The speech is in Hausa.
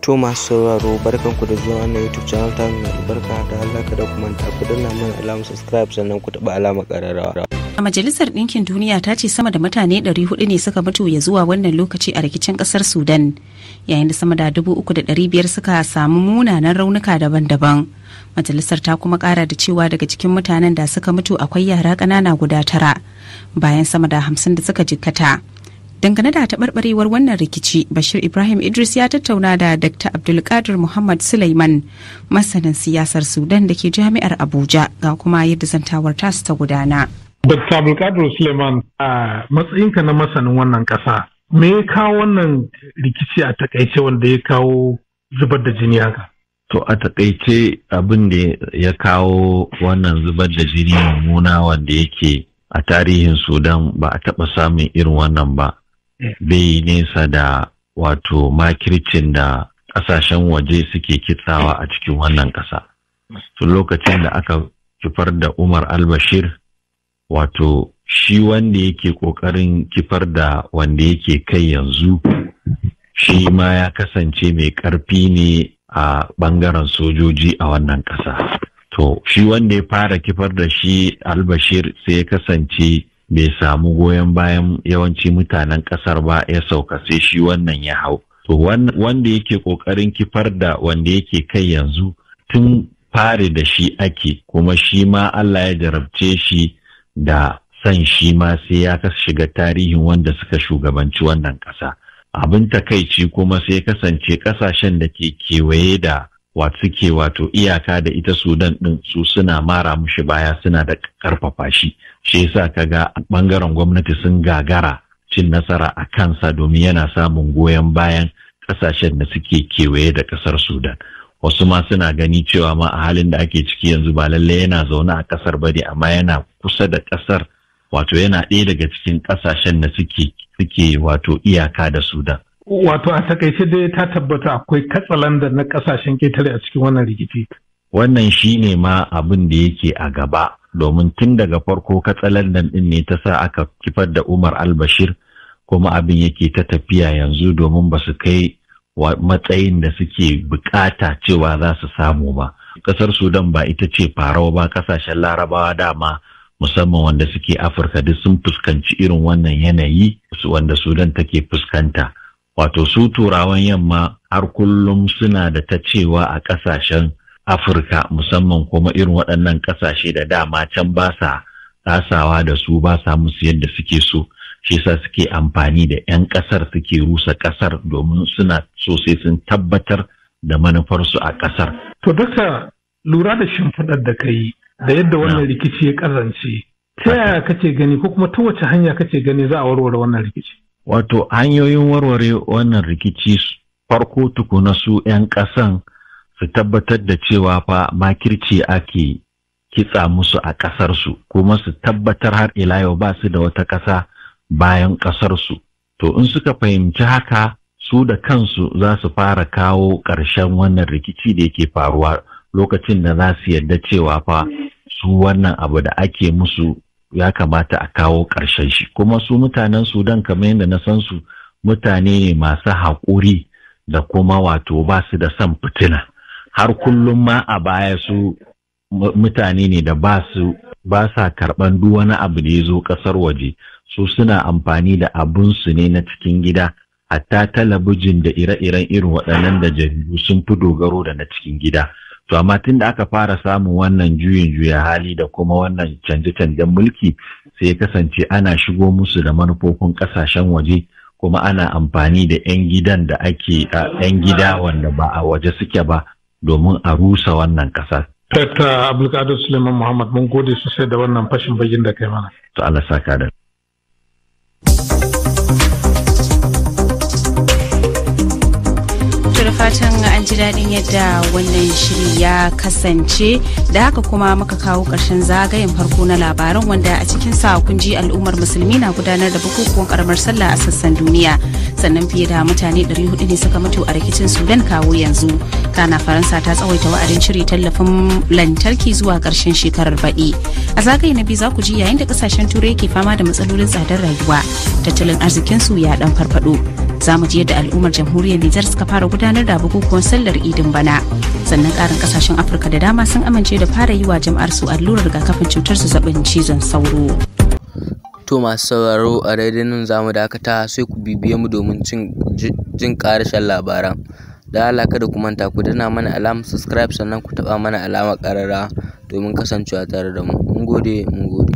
To masu sauraro ku da zuwa wannan YouTube channel ta nuna albarka da Allah kada ku manta ku danna mana subscribe sannan ku taɓa alamar ƙararrawa. A Majalisar Ɗinkin Duniya ta ce sama da mutane 400 ne suka mutu ya zuwa wannan lokaci a rikicin ƙasar Sudan yayin da sama da 3,500 suka samu munanan raunuka daban-daban. Majalisar ta kuma ƙara da cewa daga cikin mutanen da suka mutu akwai yara ƙanana guda tara bayan sama da 50 da suka jikkata. dangane da taɓarɓarewar wannan rikici bashir ibrahim idris ya tattauna da dr abdulkadir muhammad suleiman masanin siyasar sudan da ke jami'ar abuja ga kuma yadda zantawar ta ta gudana dr abdulkadir suleiman a matsayinka na masanin wannan ƙasa me ya kawo wannan rikici a takaice wanda ya kawo zubar da jini haka To a takaice abin da ya kawo wannan zubar da jini mummuna wanda yake a tarihin Sudan ba a taɓa samun irin wannan ba. bai nesa da wato makircin da ƙasashen waje suke kitsawa a cikin wannan ƙasa. Tun lokacin da aka kifar da Umar al-Bashir wato shi wanda yake ƙoƙarin kifar da wanda yake kai yanzu shi ma ya kasance mai ƙarfi ne a ɓangaren sojoji a wannan ƙasa. To, shi wanda ya fara kifar da shi al-Bashir sai ya kasance bai samu goyon bayan yawanci mutanen kasar ba ya sauka sai shi wannan ya hau to wanda yake ƙoƙarin kifar da wanda yake kai yanzu tun fare da shi ake kuma shi ma Allah ya jarabce shi da san shi ma sai ya shiga tarihin wanda suka shugabanci wannan ƙasa abin takaici kuma sai kasance ƙasashen da ke kewaye da wato suke wato iyaka da ita sudan din su suna mara mushi baya suna da karfafa shi shi yasa ga bangaren gwamnati sun gagara cin nasara a kansa domin yana samun goyon bayan kasashen da suke kewaye da kasar sudan wasu ma suna gani cewa ma a halin da ake ciki yanzu ba lalle yana zaune a kasar ba ne amma yana kusa da kasar wato yana ɗaya daga cikin kasashen da suke suke wato iyaka da sudan wato a takaice dai ta tabbata akwai katsalandar na kasashen ketare a cikin wannan rikici. Wannan shi ne ma abin da yake a gaba domin tun daga farko katsalandan din ne ta sa aka kifar da Umar al-Bashir kuma abin yake ta tafiya yanzu domin ba su kai matsayin da suke bukata cewa za su samu ba. Kasar Sudan ba ita ce farawa ba kasashen larabawa dama musamman wanda suke Afirka duk sun fuskanci irin wannan yanayi wanda Sudan take fuskanta. wato su turawan yamma har kullum suna da ta cewa a ƙasashen afirka musamman kuma irin waɗannan ƙasashe da dama can ba sa tasawa da su ba sa musu yadda suke so shi sa suke amfani da 'yan ƙasar suke rusa ƙasar domin suna so sai sun tabbatar da manufarsu a ƙasar. to duka lura da shimfiɗar da kai da yadda wannan rikici ya ƙazance ta yaya kake gani ko kuma ta wace hanya kake gani za a warware wannan rikici wato hanyoyin warware wannan rikici farko tukuna su 'yan ƙasan su tabbatar da cewa fa makirci ake kitsa musu a ƙasarsu kuma su tabbatar har ila yau ba su da wata ƙasa bayan ƙasarsu to in suka fahimci haka su da kansu za su fara kawo ƙarshen wannan rikici da yake faruwa lokacin da za su yarda cewa fa su wannan abu da ake musu ya kamata a kawo ƙarshen shi kuma su mutanen sudan kamar yadda na san su mutane ne masu haƙuri da kuma wato ba su da son fitina har kullum ma a baya su mutane ne da ba ba sa karɓan duk wani abu da ya zo ƙasar waje su suna amfani da abunsu ne na cikin gida hatta talabijin da ire-iren irin waɗannan da jaridu sun fi dogaro da na cikin gida To amma tun da aka fara samun wannan juyin juya hali da kuma wannan canje-canjen mulki sai ya kasance ana shigo musu da manufofin kasashen waje kuma ana amfani da 'yan gidan da ake 'yan gida wanda ba a waje suke ba domin a rusa wannan ƙasa. Dr. Abdulkadir Suleiman Muhammad mun gode sosai da wannan fashin bayin da kai mana. To Allah saka da. ji daɗin yadda wannan shiri ya kasance da haka kuma muka kawo ƙarshen zagayen farko na labaran wanda a cikin sa kun ji al'ummar musulmi na gudanar da bukukuwan karamar sallah a sassan duniya sannan fiye da mutane 400 ne suka mutu a rikicin sudan kawo yanzu kana faransa ta tsawaita wa'adin cire tallafin lantarki zuwa ƙarshen shekarar baɗi a zagaye na biyu za ku ji yayin da ƙasashen turai ke fama da matsalolin tsadar rayuwa tattalin arzikinsu ya ɗan farfaɗo za mu ji yadda al'ummar jamhuriyar nijar suka fara gudanar da bukukuwan sallar idin bana sannan karin kasashen afirka da dama sun amince da fara yi wa jama'ar su allurar rigakafin cutar su zazzabin cizon sauro to masu sauraro a daidai nan za mu dakata sai ku bibiye mu domin jin ƙarashen labaran da alaka da kumanta ku dana mana alamar subscribe sannan ku taba mana alamar karara domin kasancewa tare da mu mun gode mun gode